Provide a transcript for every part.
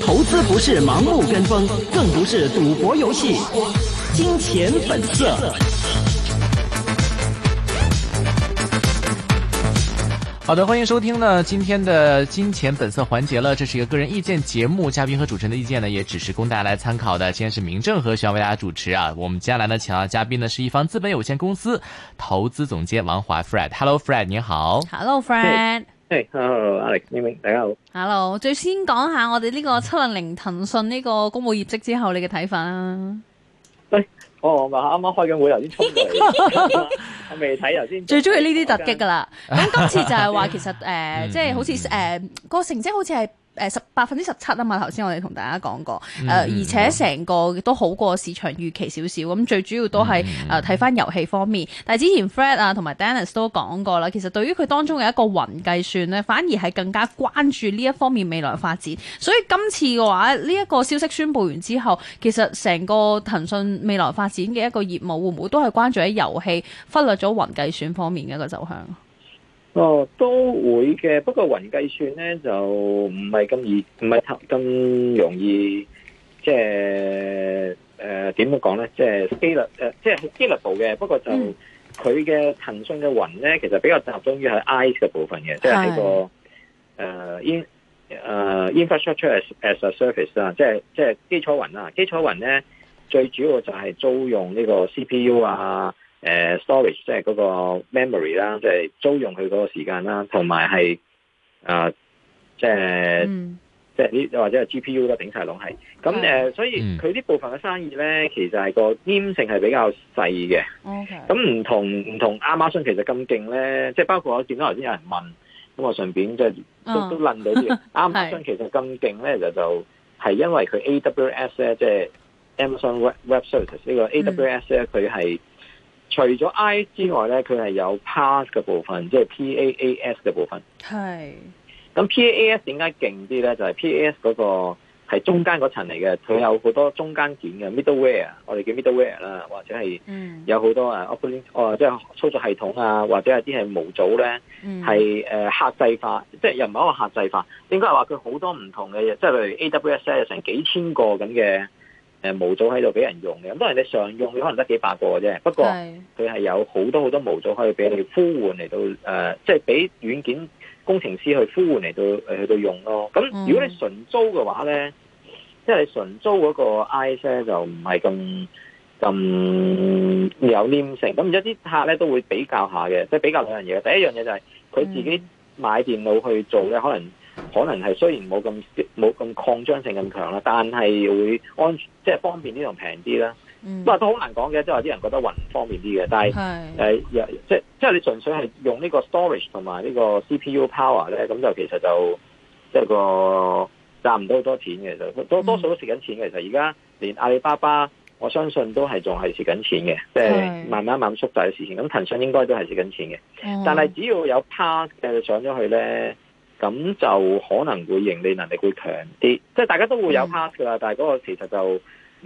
投資不是盲目跟風，更不是賭博遊戲。金錢本色。好的，歡迎收聽呢今天的金錢本色環節了。這是一個個人意見節目，嘉賓和主持人的意見呢，也只是供大家來參考的。今天是民政和需要為大家主持啊。我們接下來呢，請到嘉賓呢是一方資本有限公司投資總監王華 Fred。Hello Fred，你好。Hello Fred。Hey, hello，Alex，大家好。Hello，最先講下我哋呢個七零零騰訊呢個公布業績之後你嘅睇法啦。係、hey, 哦，我話啱啱開緊會有啲嘈，我未睇頭先。最中意呢啲突擊噶啦。咁今次就係話其實誒，即 係、呃就是、好似誒、呃嗰個成績好似係。誒、呃、十百分之十七啊嘛，頭先我哋同大家講過，誒、嗯呃、而且成個都好過市場預期少少，咁最主要都係誒睇返遊戲方面。但係之前 Fred 啊同埋 Dennis 都講過啦，其實對於佢當中嘅一個雲計算咧，反而係更加關注呢一方面未來發展。所以今次嘅話，呢、這、一個消息宣布完之後，其實成個騰訊未來發展嘅一個業務，會唔會都係關注喺遊戲忽略咗雲計算方面嘅一個走向？哦，都會嘅，不過雲計算咧就唔係咁易，唔係咁容易，即係誒點樣講咧？即係機率誒，即係係機率部嘅。不過就佢嘅騰訊嘅雲咧，其實比較集中於喺 I 嘅部分嘅，即係呢個誒 in 誒 infrastructure as a service 啦，即係即係基礎雲啦。基礎雲咧最主要就係租用呢個 CPU 啊。誒、uh, storage 即係嗰個 memory 啦，即係租用佢嗰個時間啦，同埋係啊，呃 mm. 即係即係呢或者係 GPU 啦，頂晒籠係。咁誒，所以佢呢部分嘅生意咧，其實係個黏性係比較細嘅。O、okay. K。咁唔同唔同 Amazon 其實咁勁咧，即係包括我見到頭先有人問，咁我順便即係都、oh. 都論到啲 Amazon 其實咁勁咧，就就係因為佢 A W S 咧，即係 Amazon Web Services 呢個 A W S 咧、mm.，佢係。除咗 I 之外咧，佢係有 PaaS 嘅部分，即係 P A A S 嘅部分。係。咁 P A A S 點解勁啲咧？就係、是、P A S 嗰個係中間嗰層嚟嘅，佢有好多中間件嘅 Middleware，我哋叫 Middleware 啦，或者係，嗯，有好多啊 Operating，哦即係、就是、操作系統啊，或者有啲係模組咧，係誒、呃、客製化，即係又唔係一個客製化，應該係話佢好多唔同嘅嘢，即係例如 A W S 咧有成幾千個咁嘅。誒，模組喺度俾人用嘅，咁當然你常用佢可能得幾百個啫，不過佢係有好多好多模組可以俾你呼喚嚟到誒，即係俾軟件工程師去呼喚嚟到去到用咯。咁如果你純租嘅話咧，即係純租嗰個 IS 咧就唔係咁咁有黏性。咁而家啲客咧都會比較下嘅，即係比較兩樣嘢。第一樣嘢就係佢自己買電腦去做咧，嗯、可能。可能係雖然冇咁冇咁擴張性咁強啦，但係會安全即係方便啲同平啲啦。不、嗯、咁都好難講嘅，即係話啲人覺得雲方便啲嘅，但係誒、呃、即係即係你純粹係用呢個 storage 同埋呢個 CPU power 咧，咁就其實就即係個賺唔到好多錢嘅，就多多數都蝕緊錢嘅。其實而家連阿里巴巴，我相信都係仲係蝕緊錢嘅，即係慢慢慢慢縮曬嘅事情。咁騰訊應該都係蝕緊錢嘅、嗯，但係只要有 part 嘅上咗去咧。咁就可能會盈利能力會強啲，即係大家都會有 pass 噶啦，但係嗰個其實就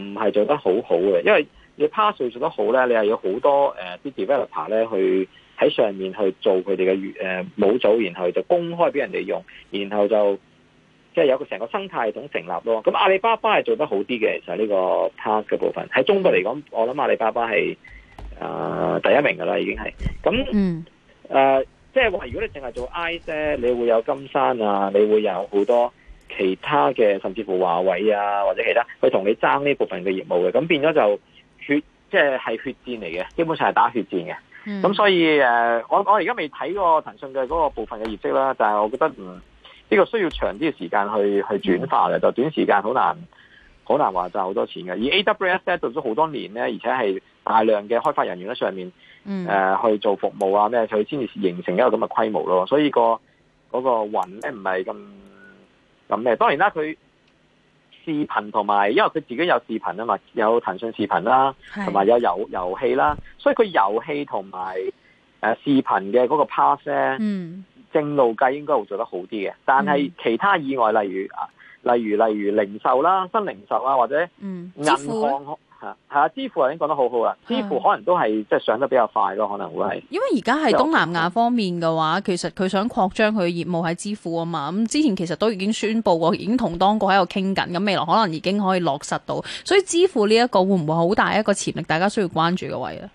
唔係做，做得好好嘅，因為你 pass 做做得好咧，你係有好多誒啲 developer 咧去喺上面去做佢哋嘅模組，然後就公開俾人哋用，然後就即係有個成個生態系統成立咯。咁阿里巴巴係做得好啲嘅，其實呢個 pass 嘅部分喺中國嚟講，我諗阿里巴巴係啊、呃、第一名噶啦，已經係咁誒。即係話如果你淨係做 I 呢，你會有金山啊，你會有好多其他嘅，甚至乎華為啊或者其他去同你爭呢部分嘅業務嘅，咁變咗就血，即係係血戰嚟嘅，基本上係打血戰嘅。咁、嗯、所以誒，我我而家未睇過騰訊嘅嗰個部分嘅業績啦，但、就、係、是、我覺得嗯，呢、這個需要長啲嘅時間去去轉化嘅、嗯，就短時間好難好難話賺好多錢嘅。而 AWS 呢，做咗好多年咧，而且係大量嘅開發人員喺上面。嗯、呃，去做服務啊咩，佢先至形成一個咁嘅規模咯，所以、個嗰個雲咧唔係咁咁咩。當然啦，佢視頻同埋，因為佢自己有視頻啊嘛，有騰訊視頻啦，同埋有遊遊戲啦，所以佢遊戲同埋誒視頻嘅嗰個 pass 咧、嗯，正路計應該會做得好啲嘅。但係其他意外，例如啊，例如例如零售啦，新零售啊，或者嗯，銀行。係啊，支付已經講得好好啦。支付可能都係即係上得比較快咯，可能會係。因為而家係東南亞方面嘅話，其實佢想擴張佢嘅業務喺支付啊嘛。咁之前其實都已經宣佈過，已經同當局喺度傾緊，咁未來可能已經可以落實到。所以支付呢一個會唔會好大一個潛力？大家需要關注嘅位咧。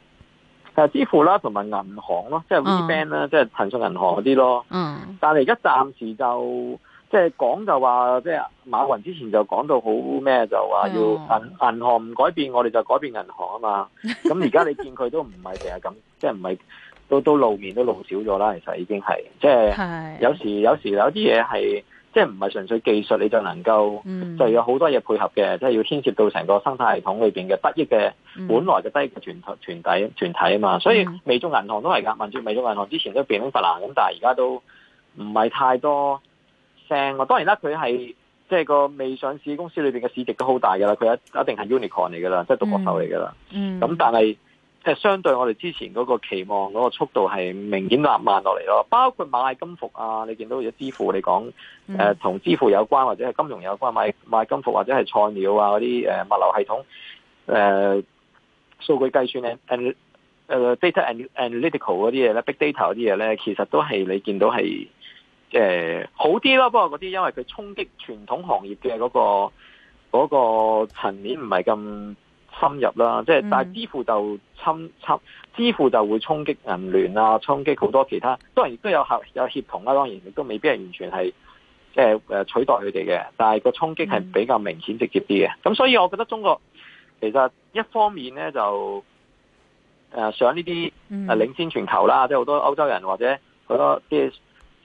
誒，支付啦同埋銀行咯，即係 WeBank 啦，即係騰訊銀行嗰啲咯。嗯。但係而家暫時就。即係講就話、是，即係馬雲之前就講到好咩，就話要銀銀行唔改變，我哋就改變銀行啊嘛。咁而家你見佢都唔係成日咁，即係唔係都都露面都露少咗啦。其實已經係，即係有,有時有時有啲嘢係，即係唔係純粹技術，你就能夠、嗯、就有好多嘢配合嘅，即、就、係、是、要牽涉到成個生態系統裏邊嘅得益嘅、嗯、本來嘅得益嘅團體團體啊嘛。所以微眾銀行都係噶，問住微眾銀行之前都變通發達咁，但係而家都唔係太多。聲啊！當然啦，佢係即係個未上市公司裏邊嘅市值都好大噶啦，佢一一定係 unicorn 嚟噶啦，即係獨角獸嚟噶啦。咁、嗯嗯、但係即係相對我哋之前嗰個期望嗰、嗰個速度係明顯慢慢落嚟咯。包括螞蟻金服啊，你見到有支付，你講誒同支付有關或者係金融有關，螞、螞蟻金服或者係菜鳥啊嗰啲誒物流系統誒、呃、數據計算咧，and 誒 data analytical 嗰啲嘢咧，big data 嗰啲嘢咧，其實都係你見到係。呃、好啲啦，不過嗰啲因為佢衝擊傳統行業嘅嗰、嗰個嗰、嗰個層面唔係咁深入啦。即、嗯、係但係支付就侵侵，支付就會衝擊銀聯啊，衝擊好多其他。當然亦都有合有協同啦、啊。當然亦都未必係完全係即、呃、取代佢哋嘅，但係個衝擊係比較明顯直接啲嘅。咁、嗯、所以我覺得中國其實一方面咧就上呢啲領先全球啦，嗯、即係好多歐洲人或者好多啲。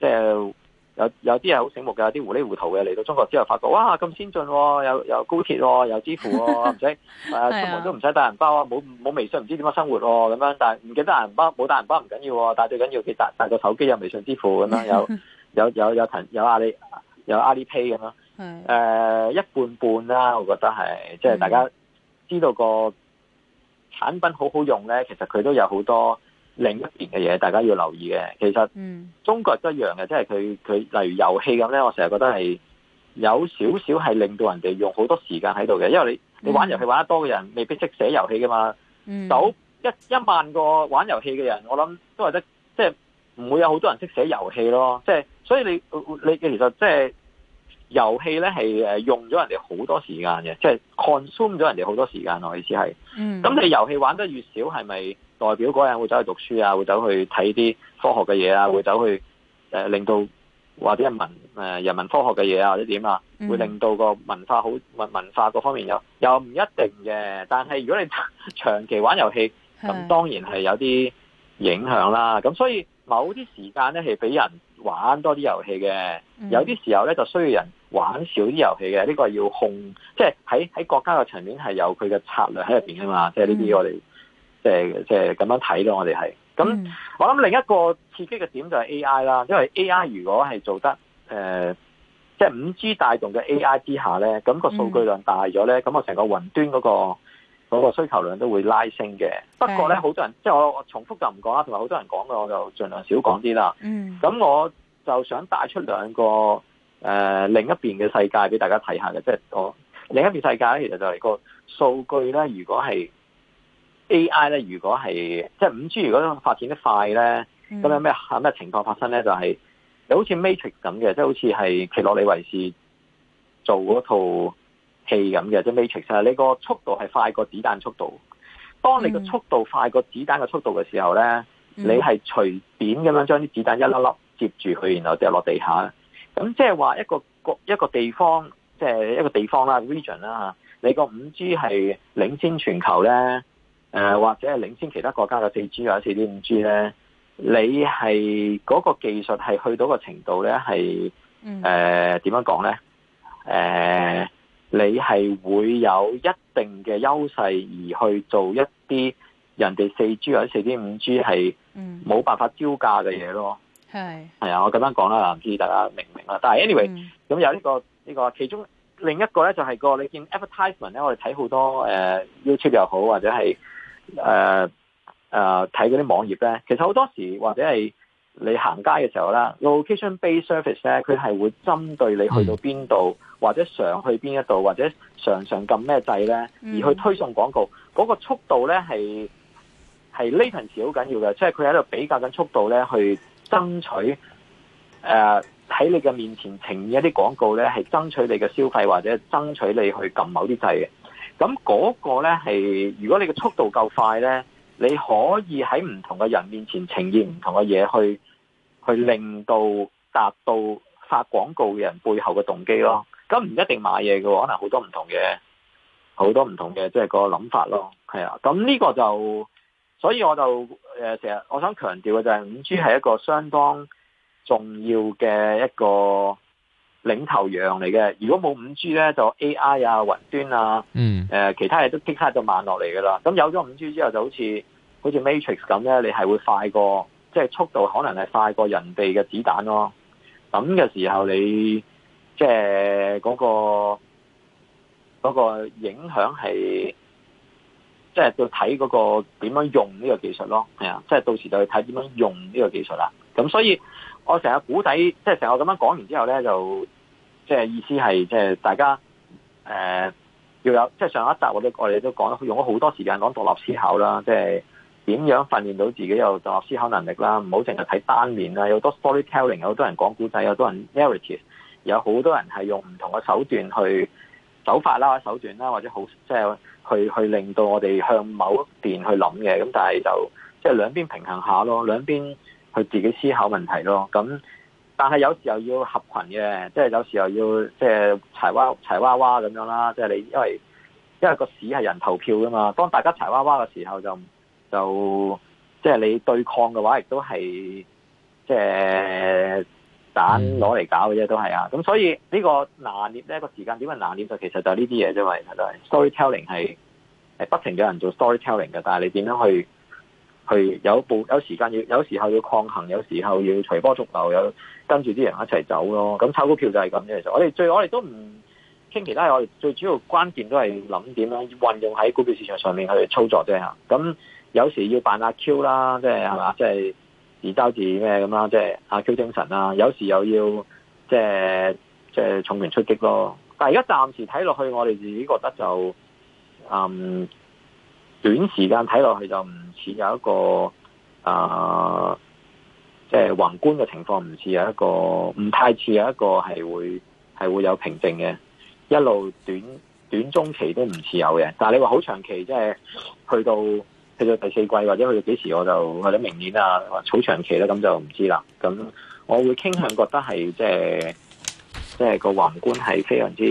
即係有有啲係好醒目嘅，有啲糊裏糊塗嘅嚟到中國之後發覺，哇咁先進、啊，有有高鐵、啊，有支付、啊，唔使誒出門都唔使帶銀包，冇冇微信唔知點樣生活喎咁樣，但係唔記得銀包，冇帶銀包唔緊要，但最要帶最緊要佢帶帶個手機有微信支付咁啦，有有有有騰有阿里有阿里 Pay 咁咯，誒、 呃、一半半啦、啊，我覺得係即係大家知道個 產品好好用咧，其實佢都有好多。另一邊嘅嘢，大家要留意嘅。其實中國一樣嘅，即係佢佢例如遊戲咁咧，我成日覺得係有少少係令到人哋用好多時間喺度嘅。因為你你玩遊戲玩得多嘅人，mm. 未必識寫遊戲噶嘛。嗯、mm.，就一一萬個玩遊戲嘅人，我諗都係得，即係唔會有好多人識寫遊戲咯。即係所以你你其實即係遊戲咧係誒用咗人哋好多時間嘅，即係 consume 咗人哋好多時間咯。意思係，嗯，咁你遊戲玩得越少，係咪？代表嗰人會走去讀書啊，會走去睇啲科學嘅嘢啊，會走去誒、呃、令到或者人文誒、呃、人民科學嘅嘢啊，或者點啊，嗯、會令到個文化好文文化各方面又又唔一定嘅。但係如果你長期玩遊戲，咁當然係有啲影響啦。咁所以某啲時間咧係俾人玩多啲遊戲嘅，嗯、有啲時候咧就需要人玩少啲遊戲嘅。呢、呢個要控，即係喺喺國家嘅層面係有佢嘅策略喺入邊啊嘛。即係呢啲我哋。嗯即係咁樣睇咯，我哋係咁，我諗另一個刺激嘅點就係 A.I. 啦，因為 A.I. 如果係做得誒，即係五 G 帶動嘅 A.I. 之下呢，咁個數據量大咗呢，咁、嗯、我成個雲端嗰個嗰個需求量都會拉升嘅。不過呢，好多人即係我重複就唔講啦，同埋好多人講嘅，我就盡量少講啲啦。咁、嗯、我就想帶出兩個誒、呃、另一邊嘅世界俾大家睇下嘅，即係我另一邊世界呢，其實就係個數據呢。如果係。A.I. 咧，如果係即係五 G，如果發展得快咧，咁、嗯、有咩咩情況發生咧？就係、是、你好似 Matrix 咁嘅，即、就、係、是、好似係《奇洛里維斯》做嗰套戲咁嘅，即、就、係、是、Matrix 啊，你個速度係快過子彈速度。當你個速度快過子彈嘅速度嘅時候咧、嗯，你係隨便咁樣將啲子彈一粒粒接住佢，然後跌落地下啦。咁即係話一個一個地方，即、就、係、是、一個地方啦，region 啦吓，你個五 G 係領先全球咧。誒，或者係領先其他國家嘅四 G 或者四點五 G 咧，你係嗰個技術係去到個程度咧，係誒點樣講咧？誒，你係會有一定嘅優勢而去做一啲人哋四 G 或者四點五 G 係冇辦法招架嘅嘢咯。係係啊，我咁樣講啦，唔知大家明唔明啦？但係 anyway，咁有呢個呢個，其中另一個咧就係個你見 advertisement 咧，我哋睇好多誒 YouTube 又好或者係。誒、呃、誒，睇嗰啲網頁咧，其實好多時或者係你行街嘅時候啦，location-based service 咧，佢係會針對你去到邊度，或者常去邊一度，或者常常撳咩掣咧，而去推送廣告。Mm -hmm. 嗰個速度咧係係 latency 好緊要嘅，即係佢喺度比較緊速度咧，去爭取誒，喺、呃、你嘅面前呈現一啲廣告咧，係爭取你嘅消費或者爭取你去撳某啲掣嘅。咁嗰個呢，係，如果你嘅速度夠快呢，你可以喺唔同嘅人面前呈現唔同嘅嘢，去去令到達到發廣告嘅人背後嘅動機咯。咁唔一定買嘢嘅喎，可能好多唔同嘅好多唔同嘅即係個諗法咯。係啊，咁呢個就所以我就呃、成日、我想強調嘅就係五 G 係一個相當重要嘅一個。領頭羊嚟嘅，如果冇五 G 咧，就 A I 啊、雲端啊，嗯，誒，其他嘢，都即刻就慢落嚟噶啦。咁有咗五 G 之後，就好似好似 Matrix 咁咧，你係會快過，即係速度可能係快過人哋嘅子彈咯。咁嘅時候你，你即係嗰個嗰個影響係，即係要睇嗰個點樣用呢個技術咯。係啊，即係到時就去睇點樣用呢個技術啦。咁所以。我成日古仔，即係成日咁樣講完之後咧，就即係、就是、意思係即係大家、呃、要有，即、就、係、是、上一集我，我都我哋都講，用咗好多時間講獨立思考啦，即係點樣訓練到自己有獨立思考能力啦，唔好淨係睇單面啦，有好多 storytelling，有好多人講古仔，有多人 narrative，有好多人係用唔同嘅手段去手法啦、手段啦，或者好即係去去令到我哋向某一邊去諗嘅，咁但係就即係、就是、兩邊平衡下咯，兩邊。佢自己思考問題咯，咁但係有時候要合群嘅，即、就、係、是、有時候要即係、就是、柴娃娃咁樣啦，即、就、係、是、你因為因為個市係人投票噶嘛，當大家柴娃娃嘅時候就就即係、就是、你對抗嘅話亦都係即係蛋攞嚟搞嘅啫、嗯，都係啊，咁所以個拿捏呢個難點，呢個時間點嘅難點就其實就係呢啲嘢啫嘛，其實、嗯、storytelling 係不停有人做 storytelling 嘅，但係你點樣去？去有部有時間要，有時候要抗衡，有時候要隨波逐流，有跟住啲人一齊走咯。咁炒股票就係咁嘅，其實我哋最我哋都唔傾其他嘢，我哋最主要關鍵都係諗點樣運用喺股票市場上面去操作啫。吓，咁有時要扮阿 Q 啦，即係係嘛，即係自嘲自咩咁啦，即係阿 Q 精神啦。有時又要即係即係重拳出擊咯。但係而家暫時睇落去，我哋自己覺得就嗯。短時間睇落去就唔似有一個啊，即係宏觀嘅情況唔似有一個，唔太似有一個係會係會有平靜嘅，一路短短中期都唔似有嘅。但係你話好長期，即係去到去到第四季或者去到幾時，我就或者明年啊，話炒長期咧，咁就唔知啦。咁我會傾向覺得係即係即係個宏觀係非常之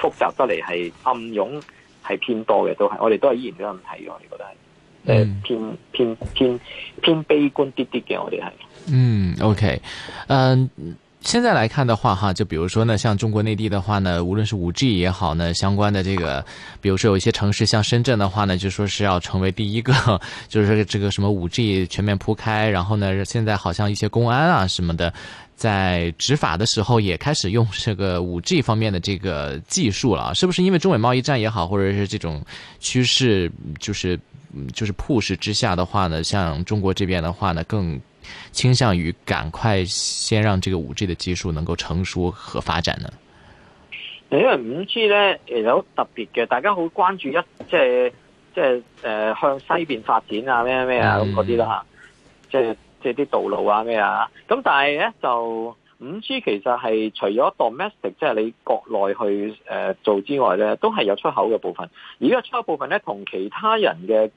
複雜得嚟，係暗湧。係偏多嘅，都係我哋都係依然都有問題嘅，我哋覺得係誒、嗯、偏偏偏偏悲觀啲啲嘅，我哋係嗯，OK，嗯、呃，現在來看的話，哈，就比如說呢，像中國內地的話呢，無論是五 G 也好呢，相關嘅這個，比如說有一些城市，像深圳的話呢，就說是要成為第一個，就是這個什麼五 G 全面鋪開，然後呢，現在好像一些公安啊什麼的。在執法的時候也開始用這個五 G 方面的這個技術了，是不是因為中美貿易戰也好，或者是這種趨勢，就是，就是就是 push 之下的話呢，像中國這邊的話呢，更傾向於趕快先讓這個五 G 的技術能夠成熟和發展呢？因為五 G 呢也有特別嘅，大家好關注一，即係即係誒、呃，向西邊發展啊，咩咩啊咁嗰啲啦，即係。即係啲道路啊咩啊，咁但係咧就五 G 其實係除咗 domestic 即係你國內去、呃、做之外咧，都係有出口嘅部分。而家出口部分咧，同其他人嘅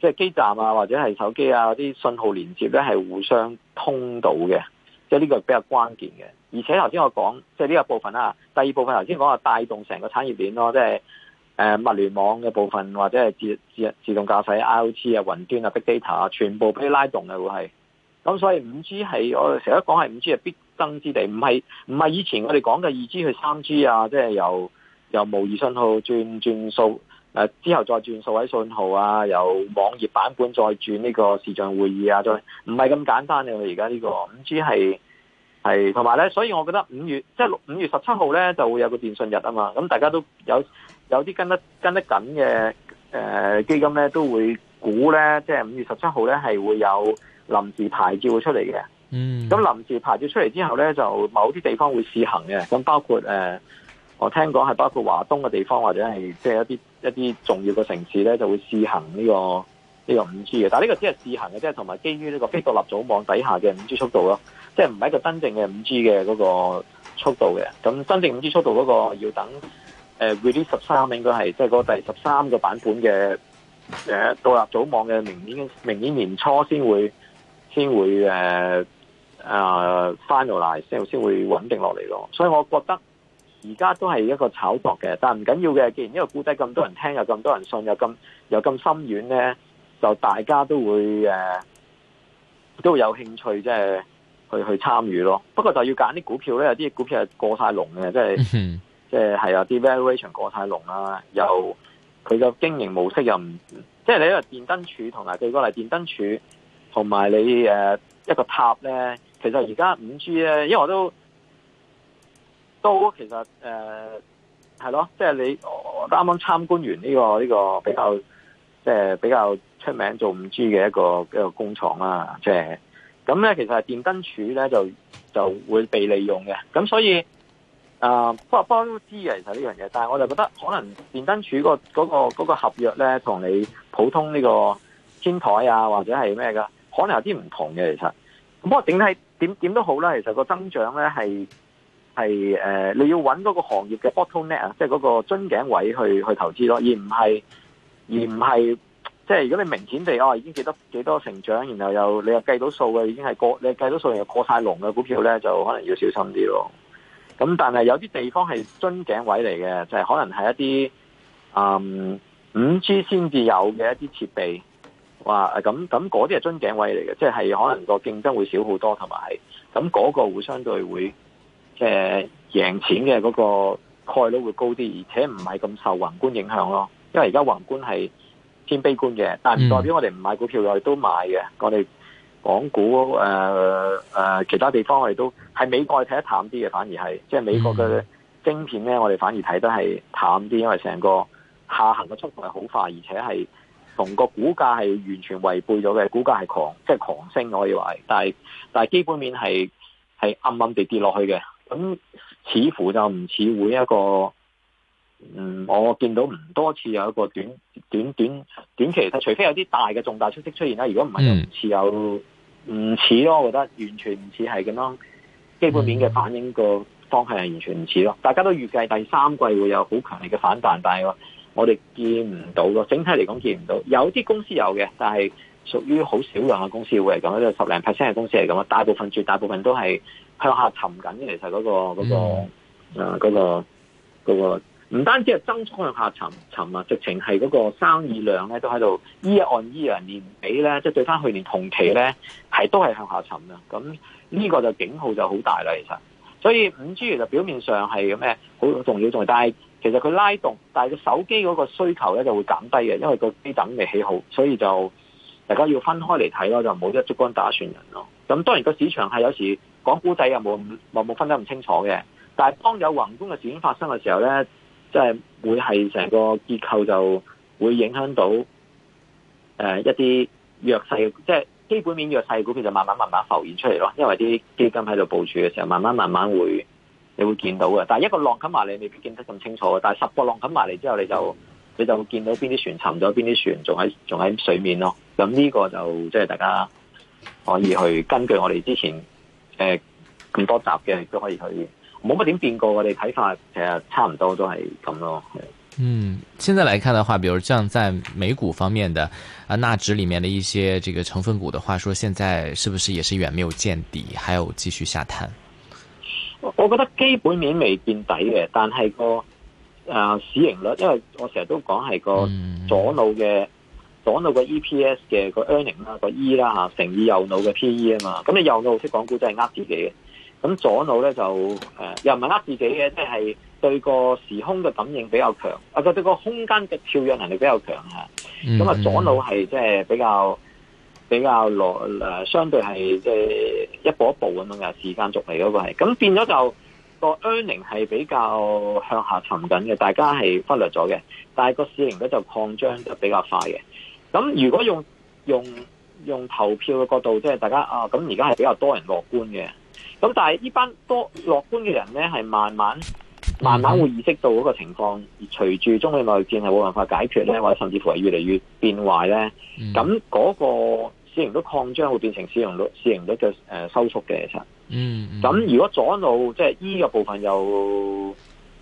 即係基站啊或者係手機啊啲信號連接咧係互相通到嘅，即係呢個比較關鍵嘅。而且頭先我講即係呢個部分啦、啊，第二部分頭先講話帶動成個產業鏈咯、啊，即係誒物聯網嘅部分或者係自自自動駕駛、IoT 啊、雲端啊、Big Data 啊，全部俾拉動嘅會係。咁所以五 G 係我成日講係五 G 係必爭之地，唔係唔係以前我哋講嘅二 G 去三 G 啊，即係由由模擬信號轉轉數，誒之後再轉數位信號啊，由網頁版本再轉呢個視像會議啊，再唔係咁簡單嘅，我哋而家呢個五 G 係係同埋咧，所以我覺得五月即係五月十七號咧就會有個電訊日啊嘛，咁大家都有有啲跟得跟得緊嘅誒基金咧都會估咧，即係五月十七號咧係會有。臨時牌照會出嚟嘅，咁、嗯、臨時牌照出嚟之後咧，就某啲地方會試行嘅。咁包括誒、呃，我聽講係包括華東嘅地方或者係即係一啲一啲重要嘅城市咧，就會試行呢個呢個五 G 嘅。但係呢個只係試行嘅，即係同埋基於呢個非獨立組網底下嘅五 G 速度咯，即係唔係一個真正嘅五 G 嘅嗰個速度嘅。咁真正五 G 速度嗰個要等誒 release 十三應該係即係嗰個第十三個版本嘅誒獨立組網嘅明年明年年初先會。先會誒誒 finalize，先、uh, 先、uh, 會穩定落嚟咯。所以我覺得而家都係一個炒作嘅，但係唔緊要嘅。既然呢個故仔咁多人聽，有咁多人信，有咁有咁深遠咧，就大家都會誒、uh, 都有興趣即啫、就是，去去參與咯。不過就要揀啲股票咧，有啲股票係過太龍嘅，即係 即係係啊，啲 valuation 過太龍啦，又佢個經營模式又唔，即係你話電燈柱同埋第二個嚟電燈柱。同埋你誒一個塔咧，其實而家五 G 咧，因為我都都其實誒係咯，即、呃、係、就是、你我啱啱參觀完呢、這個呢、這個比較即係、就是、比較出名做五 G 嘅一個一個工廠啦、啊，即係咁咧，其實電燈柱咧就就會被利用嘅，咁所以啊，不、呃、不過幫都知嘅其實呢樣嘢，但係我就覺得可能電燈柱、個嗰個嗰個合約咧，同你普通呢個天台啊或者係咩噶？可能有啲唔同嘅，其實不過點點都好啦。其實個增長咧係係誒，你要揾嗰個行業嘅 bottleneck 啊，即係嗰個樽頸位去去投資咯，而唔係而唔係即係如果你明顯地哦已經幾多幾多成長，然後又你又計到數嘅，已經係過你計到數又過晒龍嘅股票咧，就可能要小心啲咯。咁但係有啲地方係樽頸位嚟嘅，就係、是、可能係一啲嗯五 G 先至有嘅一啲設備。哇！咁咁嗰啲係樽頸位嚟嘅，即係可能個競爭會少好多，同埋咁嗰個會相對會即係贏錢嘅嗰個概率會高啲，而且唔係咁受宏觀影響咯。因為而家宏觀係偏悲觀嘅，但係唔代表我哋唔買股票，我哋都買嘅。我哋港股誒誒、呃呃，其他地方我哋都係美國睇得淡啲嘅，反而係即係美國嘅晶片呢，我哋反而睇得係淡啲，因為成個下行嘅速度係好快，而且係。同個股價係完全違背咗嘅，股價係狂即係、就是、狂升，我以為，但係但係基本面係係暗暗地跌落去嘅，咁似乎就唔似會一個，嗯，我見到唔多次有一個短短短短期，除非有啲大嘅重大消息出現啦，如果唔係，就唔似有唔似咯，我覺得完全唔似係咁樣基本面嘅反應個方向係完全唔似咯。大家都預計第三季會有好強力嘅反彈，但係。我哋見唔到咯，整體嚟講見唔到。有啲公司有嘅，但係屬於好少量嘅公司會嚟咁，即係十零 percent 嘅公司嚟咁啊。大部分絕大部分都係向下沉緊嘅。其實嗰個嗰個嗰個嗰個，唔單止係增速向下沉沉啊，直情係嗰個生意量咧都喺度 year on year 年尾咧，即係對翻去年同期咧，係都係向下沉嘅。咁呢個就警號就好大啦。其實，所以五 G 其實表面上係咩好重要仲係，但係。其實佢拉動，但係個手機嗰個需求咧就會減低嘅，因為個基等未起好，所以就大家要分開嚟睇咯，就唔好一竹篙打船人咯。咁當然個市場係有時講股仔又冇冇分得咁清楚嘅，但係當有宏觀嘅事件發生嘅時候咧，即係會係成個結構就會影響到誒一啲弱勢，即係基本面弱勢股票就慢慢慢慢浮現出嚟咯，因為啲基金喺度部署嘅時候，慢慢慢慢會。你會見到嘅，但係一個浪冚埋嚟，未必見得咁清楚嘅。但係十個浪冚埋嚟之後，你就你就會見到邊啲船沉咗，邊啲船仲喺仲喺水面咯。咁呢個就即係大家可以去根據我哋之前誒咁、呃、多集嘅，亦都可以去冇乜點變過。我哋睇法其實差唔多都係咁咯。嗯，現在來看的話，比如像在美股方面的啊納指裏面的一些這個成分股的話，說現在是不是也是遠沒有見底，還有繼續下探？我覺得基本面未見底嘅，但係、那個誒、呃、市盈率，因為我成日都講係個左腦嘅、mm. 左腦嘅 E P S 嘅個 earnings 啦個 E 啦嚇乘以右腦嘅 P E 啊嘛，咁你右腦識講古真係呃自己嘅，咁左腦咧就誒、呃、又唔係呃自己嘅，即、就、係、是、對個時空嘅感應比較強，啊、呃、對對個空間嘅跳躍能力比較強嚇，咁、mm. 啊左腦係即係比較。比較落誒，相對係即係一步一步咁樣嘅時間軸嚟嗰個係，咁變咗就個 earnings 係比較向下沉緊嘅，大家係忽略咗嘅。但係個市盈率就擴張就比較快嘅。咁如果用用用投票嘅角度，即係大家啊，咁而家係比較多人樂觀嘅。咁但係呢班多樂觀嘅人咧，係慢慢慢慢會意識到嗰個情況，隨住中美內戰係冇辦法解決咧，或者甚至乎係越嚟越變壞咧。咁嗰個。市盈率擴張會變成市盈率市盈率嘅誒、呃、收縮嘅，其實，嗯，咁、嗯、如果左腦即係 E 嘅部分又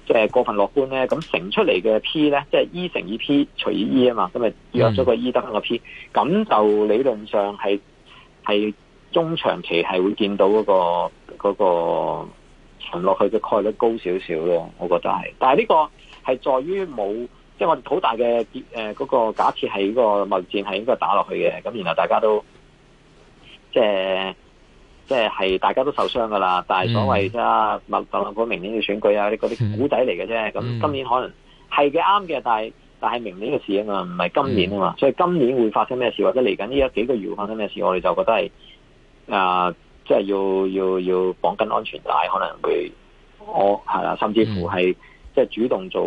即係過分樂觀咧，咁乘出嚟嘅 P 咧，即、就、係、是、E 乘以 P 除以 E 啊嘛，咁咪約咗個 E 得一個 P，咁就理論上係係中長期係會見到嗰、那個嗰落、那個、去嘅概率高少少咯，我覺得係，但係呢個係在於冇。即係我哋好大嘅誒，嗰、呃那個假設係呢個貿易戰係應該打落去嘅，咁然後大家都即係即係係大家都受傷噶啦。但係所謂啫，民特朗普明年嘅選舉啊，啲嗰啲古仔嚟嘅啫。咁今年可能係嘅啱嘅，但係但係明年嘅事啊嘛，唔係今年啊嘛。Mm -hmm. 所以今年會發生咩事，或者嚟緊呢一幾個月會發生咩事，我哋就覺得係啊、呃，即係要要要綁緊安全帶，可能會我係啦，甚至乎係、mm -hmm. 即係主動做。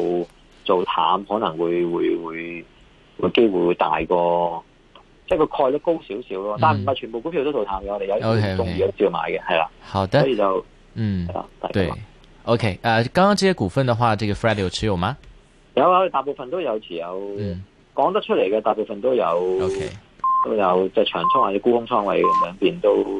做淡可能會會會個機會會大過，即係個概率高少少咯，但係唔係全部股票都做淡嘅，我哋有啲重要照買嘅，係啦。好的。所以就嗯的大對，OK，啊、呃，剛剛這些股份的話，這個 Fred 有持有嗎？有啊，大部分都有持有，講得出嚟嘅大部分都有，嗯 okay. 都有即係、就是、長倉或者沽空倉位嘅，兩邊都。